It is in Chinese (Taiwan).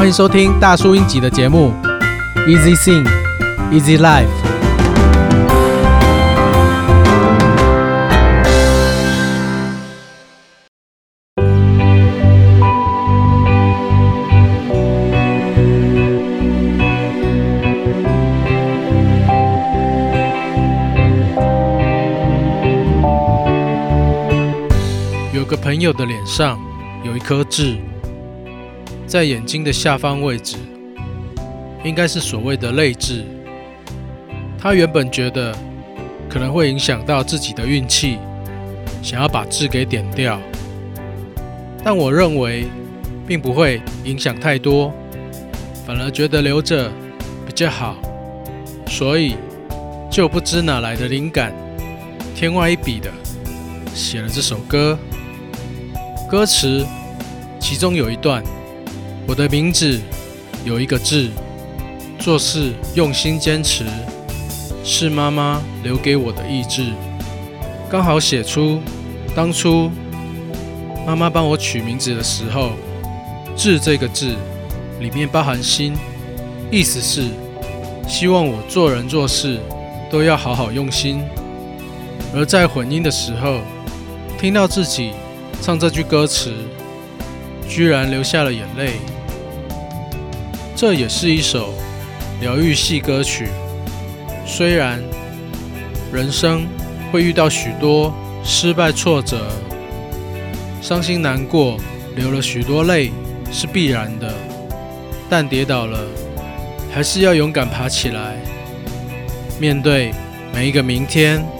歡迎收聽大叔英吉的節目《Easy Sing, Easy Life》。有個朋友的臉上有一顆痣。在眼睛的下方位置，應該是所謂的淚痣。他原本覺得可能會影響到自己的運氣，想要把痣給點掉。但我認為並不會影響太多，反而覺得留着比較好。所以就不知哪來的靈感，天外一筆的寫了這首歌。歌詞其中有一段。我的名字有一個字，做事用心堅持，是媽媽留給我的意志。剛好寫出當初媽媽幫我取名字的時候，字這個字裡面包含心，意思是希望我做人做事都要好好用心。而在混音的時候，聽到自己唱這句歌詞，居然流下了眼淚。這也是一首療癒系歌曲。雖然人生會遇到許多失敗、挫折、傷心、難過，流了許多淚是必然的，但跌倒了還是要勇敢爬起來，面對每一個明天。